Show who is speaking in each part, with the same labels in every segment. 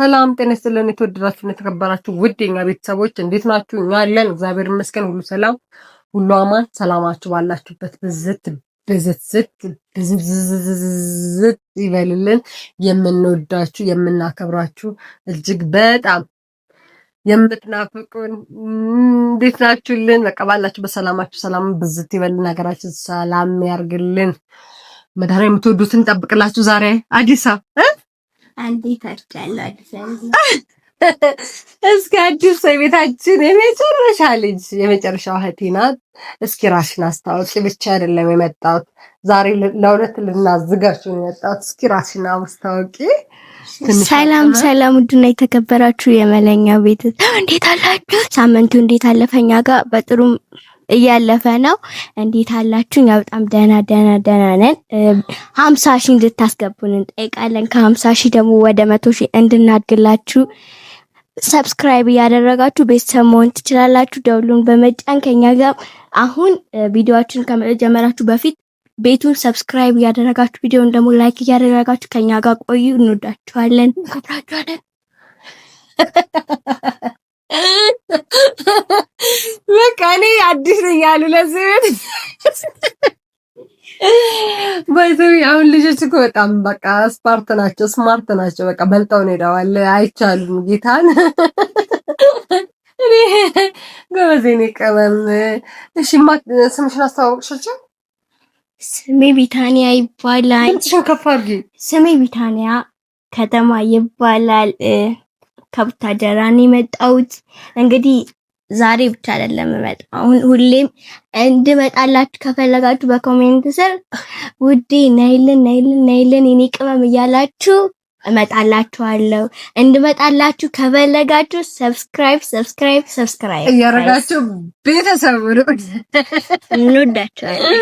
Speaker 1: ሰላም ጤና ይስጥልን። የተወደዳችሁ የተከበራችሁ ውድ የኛ ቤተሰቦች እንዴት ናችሁ? እኛ አለን እግዚአብሔር ይመስገን፣ ሁሉ ሰላም፣ ሁሉ አማን። ሰላማችሁ ባላችሁበት ብዝት ብዝት ብዝት ይበልልን። የምንወዳችሁ የምናከብራችሁ እጅግ በጣም የምትናፍቁን እንዴት ናችሁልን? በቃ ባላችሁ በሰላማችሁ ሰላም ብዝት ይበልን፣ ሀገራችን ሰላም ያርግልን፣ መዳር የምትወዱትን ጠብቅላችሁ። ዛሬ አዲስ አበባ
Speaker 2: አንዴ ታርቻለሁ አዲስ
Speaker 1: አበባ እስኪ አዲስ የቤታችን የመጨረሻ ልጅ የመጨረሻ እህቴ ናት። እስኪ ራሽን አስታወቂ። ብቻ አይደለም የመጣሁት ዛሬ ለሁለት ልናዝጋችሁ ነው የመጣሁት። እስኪ ራሽን አስታወቂ።
Speaker 2: ሰላም ሰላም፣ ውድና የተከበራችሁ የመለኛ ቤት እንዴት አላችሁ? ሳምንቱ እንዴት አለፈ? ጋር በጥሩም እያለፈ ነው። እንዴት አላችሁ? እኛ በጣም ደህና ደህና ደህና ነን። ሀምሳ ሺህ እንድታስገቡን እንጠይቃለን። ከሀምሳ ሺህ ደግሞ ወደ መቶ ሺህ እንድናድግላችሁ ሰብስክራይብ እያደረጋችሁ ቤተሰብ መሆን ትችላላችሁ። ደውሉን በመጫን ከኛ ጋር አሁን ቪዲዮችን ከመጀመራችሁ በፊት ቤቱን ሰብስክራይብ እያደረጋችሁ ቪዲዮን ደግሞ ላይክ እያደረጋችሁ ከኛ ጋር ቆዩ። እንወዳችኋለን፣ እንከብራችኋለን።
Speaker 1: በቃ እኔ አዲስ እያሉ ለዚህ ባይዘዊ አሁን ልጆች እኮ በጣም በቃ ስፓርት ናቸው፣ ስማርት ናቸው። በቃ በልጠው ነው ሄደዋል። አይቻሉም ጌታን እኔ ጎበዜ ነኝ። እሺ፣ ስምሽን አስተዋወቅሻቸው?
Speaker 2: ስሜ ቢታንያ ይባላል።
Speaker 1: ትንሽን ከፍ አድርጊ።
Speaker 2: ስሜ ቢታንያ ከተማ ይባላል። ከቡታጀራ ነው የመጣሁት። እንግዲህ ዛሬ ብቻ አይደለም እመጣ አሁን ሁሌም እንድመጣላችሁ ከፈለጋችሁ በኮሜንት ስር ውዴ ናይልን ናይልን ናይልን የኔ ቅመም እያላችሁ እመጣላችኋለሁ። እንድመጣላችሁ ከፈለጋችሁ ሰብስክራይብ ሰብስክራይብ ሰብስክራይብ
Speaker 1: እያረጋችሁ ቤተሰብ
Speaker 2: እንወዳችኋለን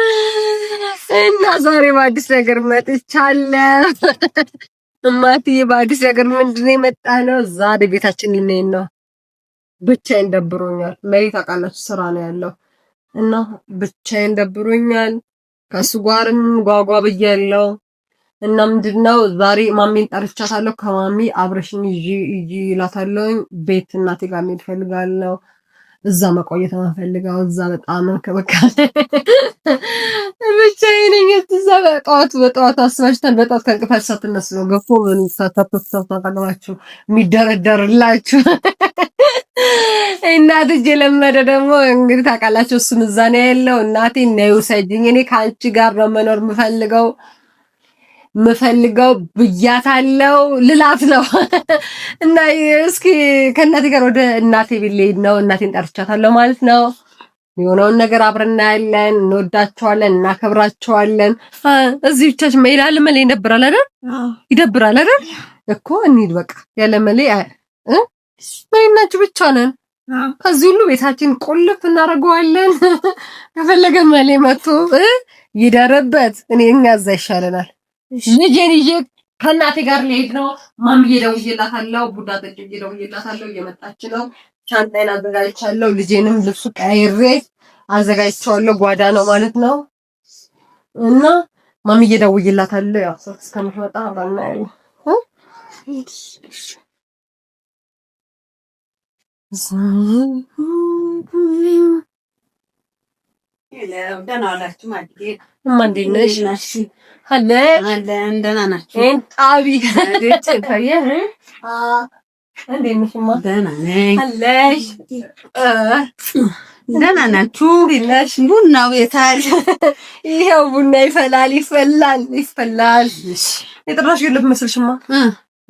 Speaker 1: እና ዛሬ በአዲስ ነገር መጥቻለሁ። እማትዬ በአዲስ ነገር ምንድን ነው የመጣ ነው? ዛሬ ቤታችን ልንሄድ ነው ብቻዬን ደብሮኛል። መሬት አውቃላችሁ ስራ ነው ያለው እና ብቻዬን ደብሮኛል። ከሱ ጋርም ጓጓ ብያለሁ እና ምንድነው ዛሬ ማሚን ጠርቻታለሁ። ከማሚ አብረሽኝ ይዤ ይዤ ቤት እናቴ ጋር መሄድ እፈልጋለሁ። እዛ መቆየት አንፈልገው እዛ በጣም እንክብካቤ ብቻዬን ነኝ። እዛ በጠዋቱ በጠዋት አስባችታል። በጠዋት ከእንቅፋት ሳትነሱ ነው ገፎ ምን ሳታፈፍሳው ታቀለባችሁ የሚደረደርላችሁ እናትጅ የለመደ ደግሞ እንግዲህ ታውቃላችሁ። እሱም እዛ ነው ያለው። እናቴ ነይ ውሰጂኝ፣ እኔ ከአንቺ ጋር ነው መኖር የምፈልገው ምፈልገው ብያታለው ልላት ነው እና እስኪ ከእናቴ ጋር ወደ እናቴ ቢልሄድ ነው እናቴን ጠርቻታለሁ ማለት ነው። የሆነውን ነገር አብረን እናያለን። እንወዳቸዋለን፣ እናከብራቸዋለን። እዚህ ብቻችን መሄድ አለመሌ ይደብራል አይደል? ይደብራል አይደል እኮ እንሂድ በቃ ያለመሌ ናችሁ ብቻ ነን። ከዚህ ሁሉ ቤታችን ቁልፍ እናደርገዋለን። ከፈለገ መሌ መጥቶ ይደርበት። እኔ እኛ እዛ ይሻለናል። ልጄን ይዤ ከእናቴ ጋር ሊሄድ ነው። ማምዬ ደውዬላታለሁ። ቡዳ ጠጭ ደውዬላታለሁ። እየመጣች ነው። ሻንጣዬን አዘጋጅቻለሁ። ልጄንም ልብሱ ቀይሬ አዘጋጅቼዋለሁ። ጓዳ ነው ማለት ነው እና ማምዬ ደውዬላታለሁ። ያው ሰው እስከምትመጣ አብረን እናያለን። ደህና ናችሁ? ጣቢ ቡናው የታል? ይኸው ቡና ይፈላል ይፈላል ይፈላል። የጠራሽ የለ ትመስልሽማ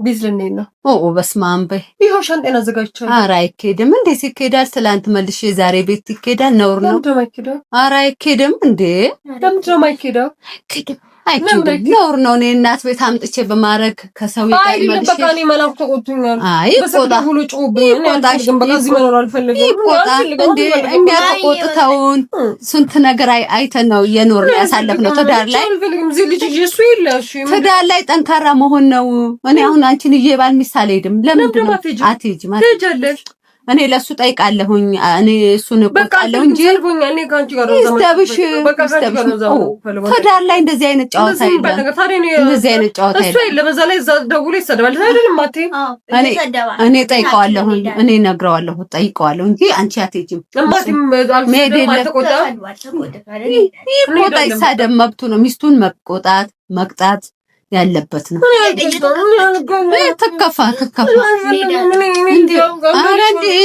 Speaker 1: ቤዝ ልንሄድ ነው። ኦ በስመ አብ ይኸው ሻንጤን አዘጋጅቻለሁ። ኧረ አይኬድም እንዴ! ይኬዳል። ትላንት መልሼ ዛሬ ቤት ይኬዳል። ነውር ነው። ኧረ አይኬድም እንዴ! ለምንድን ነው የማይኬደው? ነውር ነው። እኔ እናት ቤት አምጥቼ በማድረግ ከሰው የሚያቆጥተውን ስንት ነገር አይተን ነው የኖርን ያሳለፍነው። ትዳር ላይ ትዳር ላይ ጠንካራ መሆን ነው። እኔ አሁን አንቺን ይዤ ባል ሚስት ለምንድን ነው አትሄጂም? እኔ ለሱ ጠይቃለሁኝ። እኔ እሱን እቆጣለሁ እንጂ ይስተብሽ ትዳር ላይ እንደዚህ አይነት ጨዋታ እንደዚህ አይነት ጨዋታ እኔ ጠይቀዋለሁኝ፣ እኔ ነግረዋለሁ፣ ጠይቀዋለሁ እንጂ አንቺ አትሄጂም። መሄድ የለም ይቆጣ ይሳደብ፣ መብቱ ነው። ሚስቱን መቆጣት መቅጣት ያለበት ነው። ተከፋ ተከፋ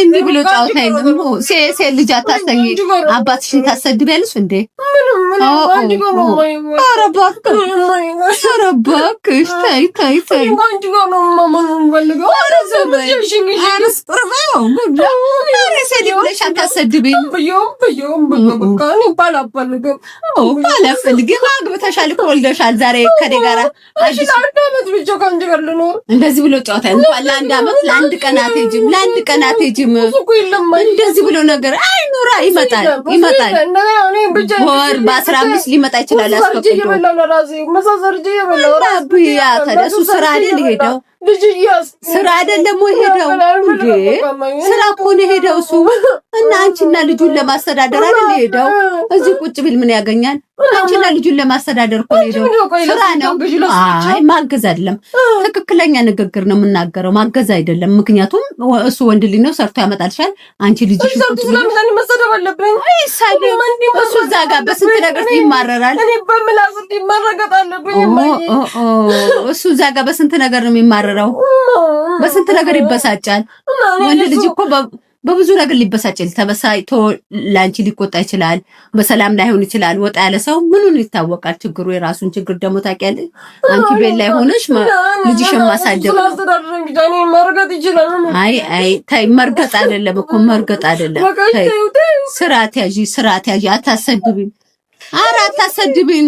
Speaker 1: እንዲህ ብሎ ጫወታ የለም። ሴት ልጅ አታሰኝ፣ አባትሽን ታሰድቢያለሽ እንዴ? ኧረ እባክሽ ተይ ተይ ተይ። ኧረ ሴት አታሰድብኝ። ብየውም ብየውም ብየውም ባል አልፈልግም። አግብተሻል እኮ ወልደሻል። ዛሬ ከኔ ጋር አንድ አመት ብቻ ከአንቺ ጋር ልኖር እንደዚህ ብሎ ጨዋታ ለአንድ አመት ለአንድ ቀን አትሄጂም፣ ለአንድ ቀን አትሄጂም። እንደዚህ ብሎ ነገር አይኑራ። ይመጣል ይመጣል። በወር በአስራ አምስት ሊመጣ ይችላል። አስፈቅዶ እሱ ስራ አይደል ስራ አይደለም ወይ ሄደው? እንዴ ስራ እኮ ነው ሄደው እሱ እና አንቺና ልጁን ለማስተዳደር አይደል ሄደው። እዚህ ቁጭ ቢል ምን ያገኛል? አንቺና ልጁን ለማስተዳደር እኮ ስራ ነው። አይ ማገዝ አይደለም፣ ትክክለኛ ንግግር ነው የምናገረው። ማገዝ አይደለም፣ ምክንያቱም እሱ ወንድ ልጅ ነው፣ ሰርቶ ያመጣልሻል። አንቺ ልጅ እሱ እዛ ጋር በስንት ነገር ይማረራል። እሱ እዛ ጋር በስንት ነገር ነው የሚማረረው፣ በስንት ነገር ይበሳጫል። ወንድ ልጅ እኮ በብዙ ነገር ሊበሳጭ ተበሳጭቶ ለአንቺ ሊቆጣ ይችላል። በሰላም ላይሆን ይችላል። ወጣ ያለ ሰው ምኑን ይታወቃል። ችግሩ የራሱን ችግር ደግሞ ታውቂያለሽ። አንቺ ቤት ላይ ሆነሽ ልጅሽን ማሳደግ አይ አይ ታይ መርገጥ አይደለም እኮ መርገጥ አይደለም። ስርዓት ያዢ፣ ስርዓት ያዢ። አታሰድብኝ፣ ኧረ አታሰድብኝ።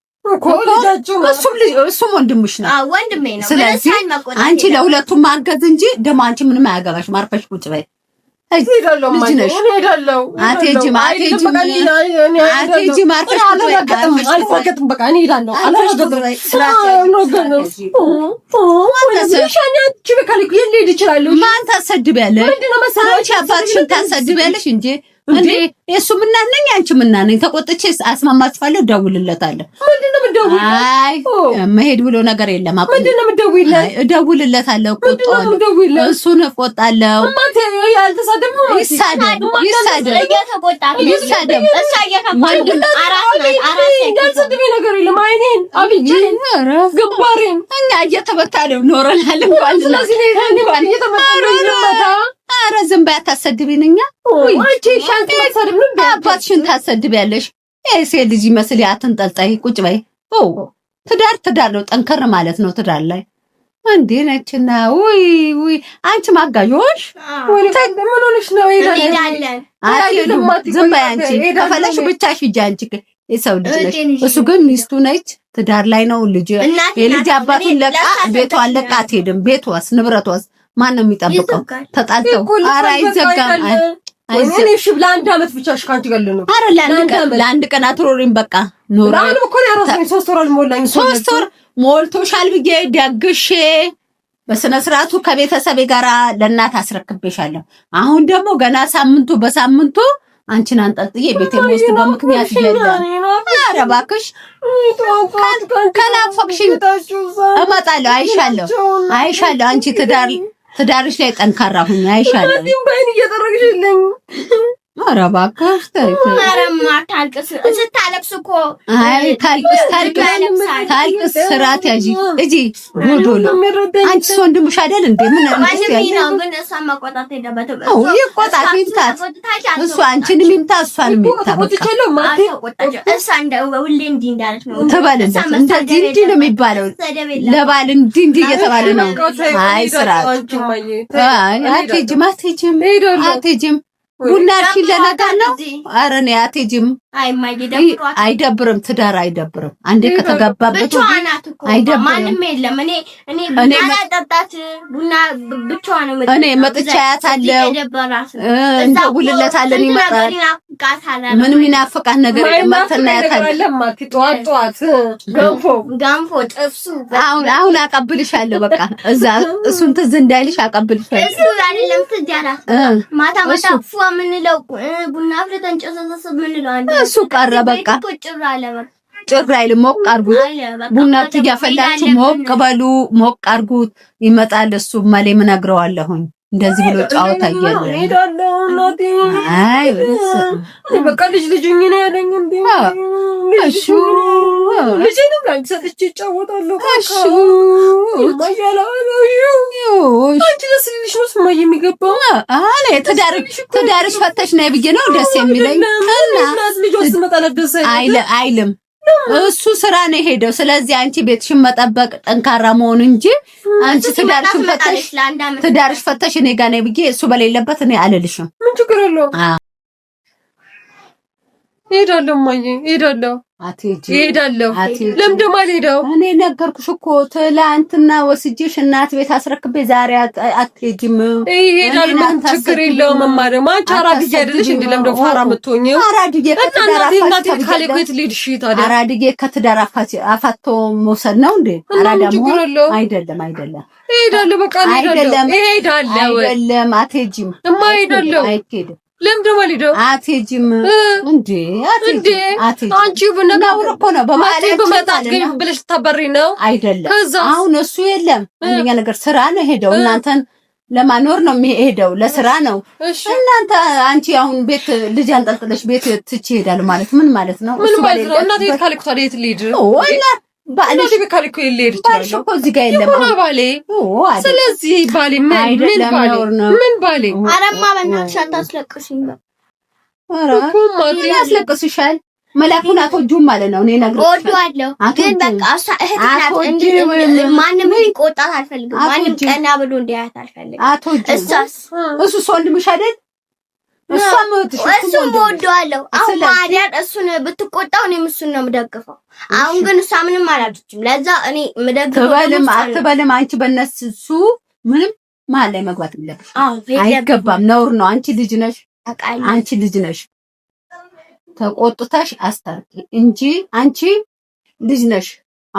Speaker 1: እሱም ወንድምሽ ነው፣ ወንድሜ ነው። ስለዚህ አንቺ ለሁለቱም ማገዝ እንጂ ደግሞ አንቺ ምንም አያገባሽም። አርፈሽ ቁጭ በይ። ማን ታሰድቢያለሽ? አባትሽን ታሰድቢያለሽ እንጂ እንዴ እሱ ምናት ነኝ አንቺ ምናት ነኝ? ተቆጥቼ አስማማችኋለሁ፣ እደውልለታለሁ። ምንድን ነው የምደውልለት? አይ መሄድ ብሎ ነገር የለም። አቆም ምንድን ነው የምደውልለት? እደውልለታለሁ፣ እቆጣለሁ፣ እሱን እቆጣለሁ። እኛ እየተመታ ኖረናል። እንኳን አረ ዝም በይ አታሰድቢን። እኛ አባትሽን ታሰድቢያለሽ። ሴት ልጅ ይመስል አትንጠልጠይ፣ ቁጭ በይ። ትዳር ትዳር ነው፣ ጠንከር ማለት ነው ትዳር ላይ እንዴ ነችና፣ ውይ ውይ፣ አንቺ ማጋዮሽ ምን ሆነሽ ነው? ዝም በይ አንቺ። ከፈለሽ ብቻሽ ሂጂ አንቺ የሰው ልጅ ነች። እሱ ግን ሚስቱ ነች፣ ትዳር ላይ ነው። ልጅ የልጅ አባቱን ለቃ ቤቷን ለቃ አትሄድም። ቤቷስ ንብረቷስ ማን ነው የሚጠብቀው? ተጣልተው ኧረ አይዘጋም። እሺ ብላ አንድ ብቻ እሺ፣ ካንቺ ጋር ልኖር። ኧረ ለአንድ ቀን አትኖሪም። በቃ ኖራ አሁን እኮ ነው ያራሰኝ። ሶስት ወር አልሞላኝ። ሶስት ወር ሞልቶሻል ብዬ ደግሼ በስነ ስርዓቱ ከቤተሰቤ ጋር ለእናት አስረክቤሻለሁ። አሁን ደግሞ ገና ሳምንቱ በሳምንቱ አንቺን አንጠልጥዬ ቤቴ ውስጥ በምክንያት ይሄዳል። ኧረ እባክሽ ከናፈቅሽኝ እመጣለሁ፣ አይሻለሁ፣ አይሻለሁ። አንቺ ትዳር ትዳርሽ ላይ ጠንካራ ሁኝ አይሻልም? ኧረ እባክሽ ታልቅስ ስታለቅስ እኮ እጂ ሙዶ ነው አንቺ ወንድምሽ አይደል እንዴ? ምን አንቺ ይቆጣት ይምታት። እሱ አንቺንም ይምታ እሷንም ይምታ። እሷ እንደዚህ እንዲህ ነው የሚባለው ለባል እንዲህ እንዲህ እየተባለ ነው። አይ ስራት አትሄጂም አትሄጂም አትሄጂም ቡናችን ለነገር ነው። አረ እኔ አትሄጂም። አይደብርም፣ ትዳር አይደብርም። አንዴ ከተገባበት ጠጣት እኮ ማንም የለም። እኔ እኔ ቡና ጠጣት ቡና ብቻዋን ነው እኔ መጥቼ አያታለሁ። እንደውልለታለን ይመጣል። ምንም ይናፍቃት ነገር መጥተና ያታለሁ። ጠዋት ጠዋት ገንፎ ገንፎ ጥብሱ። አሁን አሁን አቀብልሻለሁ። በቃ እዛ እሱን ትዝ እንዳይልሽ አቀብልሻለሁ። እሱ አይደለም ትዝ ያላት ማታ ማታ ፉ የምንለው ቡና አፍልተን ጨሰሰስ የምንለው እሱ ቀረ። በቃ ቁጭ ብላ ለበቃ ጭር አይልም። ሞቅ አርጉት። ቡና እያፈላችሁ ሞቅ በሉ፣ ሞቅ አርጉት። ይመጣል። እሱ ማሌ ምን እነግረዋለሁኝ እንደዚህ ብሎ ጫወታ እያለ አይ በቃ ልጅ ልጅ ነው ያለኝ እንዴ? እሺ ልጅ ነው ብላኝ ሰጥቼ እጫወታለሁ። እሺ አንቺ ለስልሽ ነው ስማ የሚገባው ትዳርሽ ፈተሽ ነይ ብዬሽ ነው ደስ የሚለኝ እና አይልም እሱ ስራ ነው የሄደው። ስለዚህ አንቺ ቤትሽን መጠበቅ ጠንካራ መሆን እንጂ አንቺ ትዳርሽን ፈተሽ ትዳርሽ ፈተሽ እኔ ጋር ነይ ብዬ እሱ በሌለበት እኔ አልልሽም። ምን ችግር አለው? እሄዳለሁ እማዬ፣ እሄዳለሁ፣ እሄዳለሁ። ለምን ደግሞ እኔ ነገርኩሽ እኮ ትላንትና ወስጄሽ እናት ቤት አስረክቤ ዛሬ አትሄጂም። እሄዳለሁ፣ ችግር የለውም። አንቺ አራድዬ አይደለሽ እንዴ? ለምን ደግሞ ፋራ የምትሆኚው? አራድዬ ከትዳር አፋቶ መውሰድ ነው እንዴ? አይደለም፣ አይደለም። እሄዳለሁ፣ በቃ እሄዳለሁ፣ አይደለም፣ አትሄጂም። እማ እሄዳለሁ፣ አይሄድም ለምን ደግሞ አትሄጂም እንዴ? እንዴ አንቺ ብነጋውር እኮ ነው በማለት በመጣት ብለሽ ታበሪ ነው አይደለም። አሁን እሱ የለም አንደኛ ነገር ስራ ነው ሄደው እናንተን ለማኖር ነው የሚሄደው፣ ለስራ ነው። እናንተ አንቺ አሁን ቤት ልጅ አንጠልጥለሽ ቤት ትች ይሄዳል ማለት ምን ማለት ነው? ምን ማለት ነው? እናቴ ካልኩታ ዴት ሊድ ባልሽ በካል እኮ ሊሄድ ይችላል እኮ እዚህ ጋር የለም ባሌ። ስለዚህ ባሌ ምን ምን ባሌ ምን ባሌ አረማ በእናትሽ አታስለቅሽኝ። ያስለቅስሻል? መላኩን አትወጂውም ማለት ነው። እኔ ግን በቃ እሷ ማንም አልፈልግም። ማንም ቀና ብሎ እንዲያያት አልፈልግም። እሷስ እሱ ወንድምሽ አይደል? እሱም እወደዋለሁ። አሁን ማርያም እሱን ብትቆጣው እኔም እሱን ነው የምደግፈው። አሁን ግን እሷ ምንም አላደችም። ለዛ እኔ የምደግፈው ትበልም አትበልም፣ አንቺ ምንም መሀል ላይ መግባት የለብሽ አይገባም፣ ነውር ነው። አንቺ ልጅ ነሽ፣ አንቺ ልጅ ነሽ። ተቆጥተሽ አስታርቂ እንጂ አንቺ ልጅ ነሽ።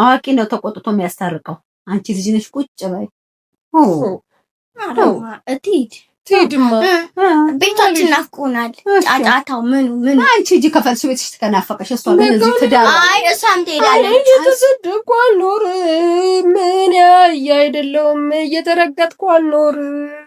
Speaker 1: አዋቂ ነው ተቆጥቶ የሚያስታርቀው። አንቺ ልጅ ነሽ። ቁጭ በይ ትሄድማ ቤታችን ናፍቆናል። ጫጫታው ምኑ ምኑ። አንቺ ሂጂ ከፈልሱ ቤትሽ ከናፈቀሽ እሷ ግን እዚህ ትዳር አይ እሷም ትሄዳለች። እየተሰደድኩ አልኖርም። ምን ያየ አይደለውም። እየተረገጥኩ አልኖርም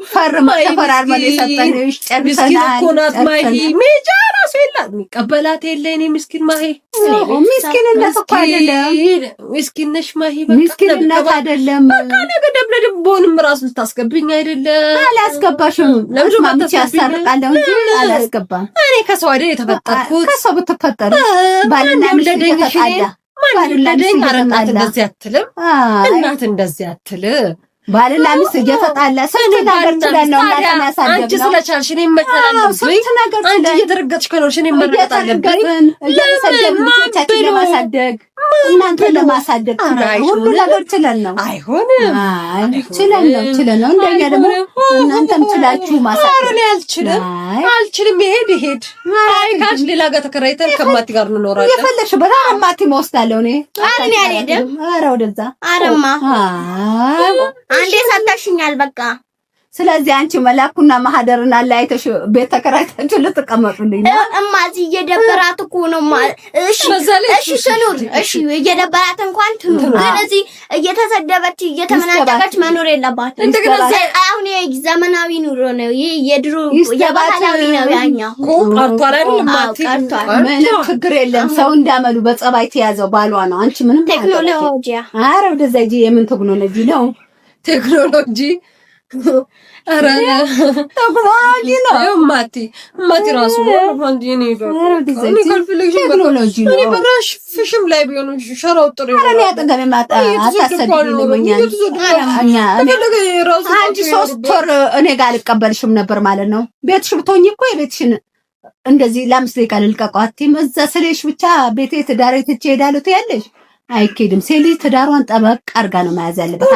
Speaker 1: ሚቀበላት የለ እኔ ምስኪን ማሂ ምስኪንነት እኮ አይደለም። ምስኪንነሽ ማሂ ምስኪንነት አይደለም። በቃ ነገ ደብለ ድቦንም ራሱ ልታስገብኝ አይደለም። አላስገባሽም። ለምጅማምቼ ያሳርቃለሁ እንጂ አላስገባም። እኔ ከሰው አይደል የተፈጠርኩት። ከሰው ብትፈጠር ባልና ሚስት ተጣላ፣ ባልና ሚስት ተጣላ። እንደዚህ አትልም። እናት እንደዚህ አትልም። ባልና ሚስት እየተጣላ ስንት ነገር ትላለህ። አንቺ ስለቻልሽ እኔም መጣላል ስንት ነገር አንቺ እየተረገጥሽ ከኖርሽ እኔም መረገጥ አለብኝ ለማሳደግ እናንተ ለማሳደግ ሁሉ ነገር ችለን ነው። አይሆንም ችለን ነው ችለን ነው። እንደኛ ደግሞ እናንተም ችላችሁ ማሳደግ። አልችልም አልችልም። ይሄድ ይሄድ። አይ ካልሽ ሌላ ጋር ተከራይተን ከማቲ ጋር እንኖራለን። የፈለግሽ በጣም ማቲ መወስዳለሁ እኔ። አረ እኔ አልሄድም። አረ ወደዛ አረማ አንዴ ሳታሽኛል በቃ ስለዚህ አንቺ መላኩና ማህደርን አለያይተሽ ቤት ተከራይታችሁ ልትቀመጡልኝ ነው እማ። እየደበራት እኮ ነው ማለት እሺ፣ እሺ ትኑር፣ እሺ እየደበራት እንኳን ትኑር፣ ግን እዚህ እየተሰደበች እየተመናጨቀች መኖር የለባትም። እንደገና አሁን ዘመናዊ ኑሮ ነው ይሄ፣ የድሮ የባህላዊ ነው ያኛው። ምንም ችግር የለም። ሰው እንዳመሉ በጸባይ ተያዘው ባሏ ነው። አንቺ ምንም ቴክኖሎጂ፣ ኧረ ወደዛ ሂጂ። የምን ቴክኖሎጂ ነው ቴክኖሎጂ እኔ ጋር አልቀበልሽም ነበር ማለት ነው። ቤትሽ ብትሆኚ እኮ የቤትሽን እንደዚህ ለአምስት ደቂቃ ልልቀቀው አትይም። እዛ ስለሽ ብቻ ቤቴ ትዳሬ ትቼ እሄዳለሁ ትያለሽ አይኬድም። ሴት ልጅ ትዳሯን ጠበቅ አድርጋ ነው መያዝ ያለበት።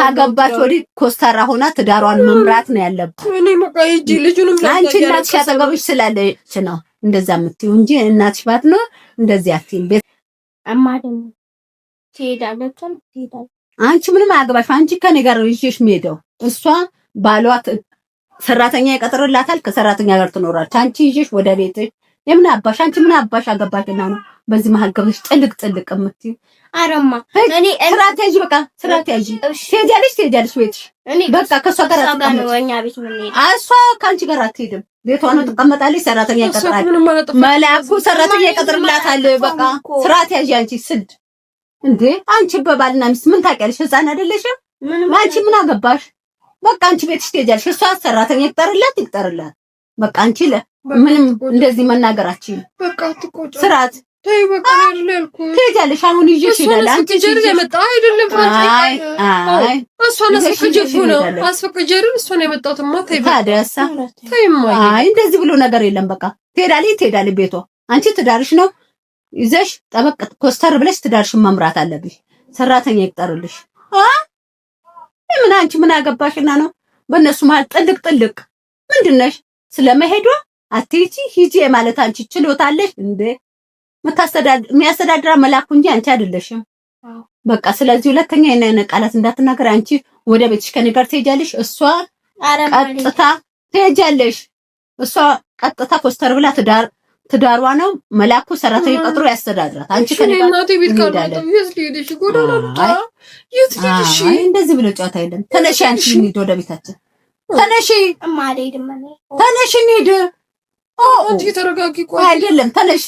Speaker 1: ካገባች ወዲህ ኮስታራ ሆና ትዳሯን መምራት ነው ያለባት። አንቺ እናትሽ አጠገብሽ ስላለች ነው እንደዛ የምትይው እንጂ እናትሽ ባት ነው እንደዚህ አትይም። ቤት አንቺ ምንም አያገባሽም። አንቺ ከኔ ጋር ልጅሽ የምሄደው እሷ ባሏት ሰራተኛ ይቀጥርላታል። ከሰራተኛ ጋር ትኖራለች። አንቺ ይዤሽ ወደ ቤትሽ የምን አባሽ አንቺ ምን አባሽ አገባሽና ነው በዚህ መሀል ገብተሽ ጥልቅ ጥልቅ እምትይው። አረማ እኔ ስትራቴጂ በቃ ስትራቴጂ ትሄጃለሽ ትሄጃለሽ ቤትሽ በቃ ከእሷ ጋር እሷ ከአንቺ ጋር አትሄድም። ቤቷ ነው ትቀመጣለች። ሰራተኛ ይቀጥራል መላኩ ሰራተኛ ይቀጥርላታል። በቃ ስትራቴጂ አንቺ ስድ እንዴ አንቺ በባልና ሚስት ምን ታውቂያለሽ? ህፃን አይደለሽም? አንቺ ምን አገባሽ? በቃ አንቺ ቤትሽ ትሄጃለሽ። እሷ ሰራተኛ ይቅጠርላት ይቅጠርላት። በቃ አንቺ ምንም እንደዚህ መናገራችን በቃ ትቆጫ ስራት ተይ በቃ አይደለ ያልኩት። ትሄጃለሽ አሁን ይዤሽ ይላል። አንቺ ጀር የመጣ አይደለም ፍራንስ አይ አይ እሷ አስፈቅጄሽ ነው አስፈቅጄሽ እሷን የመጣሁትማ። ተይ ታዲያሳ ተይማ። አይ እንደዚህ ብሎ ነገር የለም። በቃ ትሄዳለች ትሄዳለች ቤቷ። አንቺ ትዳርሽ ነው ይዘሽ ጠበቅ ኮስተር ብለሽ ትዳርሽን መምራት አለብሽ። ሰራተኛ ይቅጠርልሽ። አ ምን አንቺ ምን አገባሽና ነው በእነሱ መሀል ጥልቅ ጥልቅ ምንድነሽ? ስለመሄዷ አትሄጂ ሂጂ ማለት አንቺ ችሎታለሽ እንዴ? የሚያስተዳድራ መላኩ እንጂ አንቺ አይደለሽም። በቃ ስለዚህ ሁለተኛ የነነ ቃላት እንዳትናገር። አንቺ ወደ ቤትሽ ከኔ ጋር ትሄጃለሽ፣ እሷ ቀጥታ ትሄጃለሽ። እሷ ቀጥታ ኮስተር ብላ ትዳር ትዳሯ ነው። መላኩ ሰራተኛ ቀጥሮ ያስተዳድራት። አንቺ ከኔ ጋር እንደዚህ ብሎ ጨዋታ የለም። ተነሺ፣ አንቺ እንሂድ፣ ወደ ቤታችን ተነሺ፣ ተነሺ፣ እንሂድ። አይደለም ተነሽ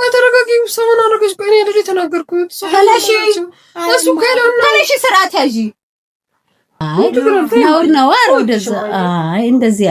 Speaker 1: ወይ ተረጋጊ። ሰውን አረገች ቆይ፣ እኔ አይደል የተናገርኩት። እሱ ካለው ተነሺ፣ ስርዓት ያዢ። አይ ነውር ነው። አረ ወደዛ። አይ እንደዚህ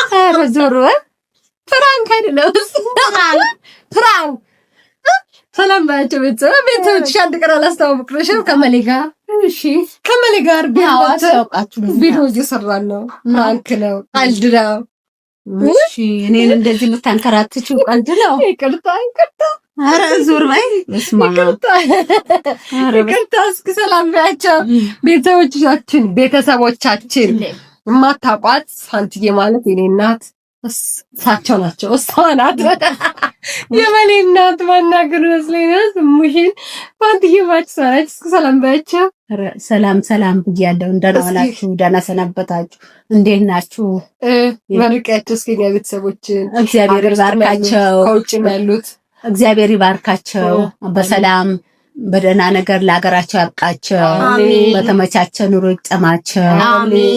Speaker 1: ኧረ ዞሮ ፕራንክ አይደለም ፕራንክ። ሰላም ባያቸው ቤተሰብ ቤተሰቦች አንድ ቀን አላስተዋወቅሽም። ከመሌ ጋር ከመሌ ጋር ቪዲዮ እየሰራን ነው። ፕራንክ ነው፣ ቀልድ ነው። እኔን እንደዚህ የምታንከራትችው ቀልድ ነው። ይቅርታ ይቅርታ። ኧረ ዙር በይ ይቅርታ። እስኪ ሰላም ባያቸው ቤተሰቦቻችን ቤተሰቦቻችን የማታቋት ፋንትዬ ማለት የኔ እናት እሳቸው ናቸው። እሷ ናት የበሌ እናት ማናገር መስሎኝ ሙሽን ፋንትዬ ባች እሷ ናች። ሰላም በያቸው። ሰላም ሰላም ብያለሁ። እንደምን ዋላችሁ? ደህና ሰነበታችሁ? እንዴት ናችሁ? መርቂያቸው እስኪ እኛ ቤተሰቦችን እግዚአብሔር ይባርካቸው። ከውጭ ያሉት እግዚአብሔር ይባርካቸው በሰላም በደህና ነገር ለሀገራቸው ያብቃቸው። በተመቻቸ ኑሮ ይጠማቸው።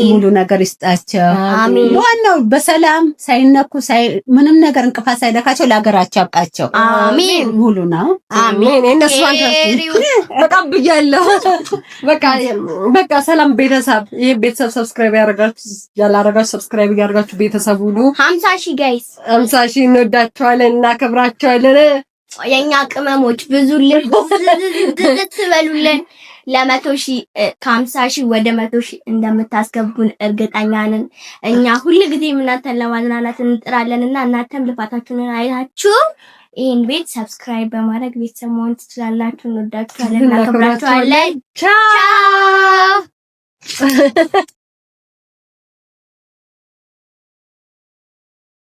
Speaker 1: ሙሉ ነገር ይስጣቸው። ዋናው በሰላም ሳይነኩ ምንም ነገር እንቅፋት ሳይነካቸው ለሀገራቸው ያብቃቸው። አሜን። ሙሉ ነው። አሜን። እነሱ በጣም ብያለሁ። በቃ በቃ ሰላም ቤተሰብ። ይህ ቤተሰብ ሰብስክራይብ ያደረጋችሁ ያላረጋችሁ ሰብስክራይብ እያደረጋችሁ ቤተሰብ ሁሉ 50 ሺህ ጋይስ፣ 50 ሺህ እንወዳቸዋለን፣ እናከብራቸዋለን። የኛ ቅመሞች ብዙ ልዝዝት ትበሉልን ለመቶ ሺ ከሀምሳ ሺ ወደ መቶ ሺ እንደምታስገቡን እርግጠኛ ነን። እኛ ሁል ጊዜ እናንተን ለማዝናናት እንጥራለን እና እናንተም ልፋታችሁንን አይታችሁ ይህን ቤት ሰብስክራይብ በማድረግ ቤተሰብ መሆን ትችላላችሁ። እንወዳችኋለን፣ እናከብራችኋለን። ቻው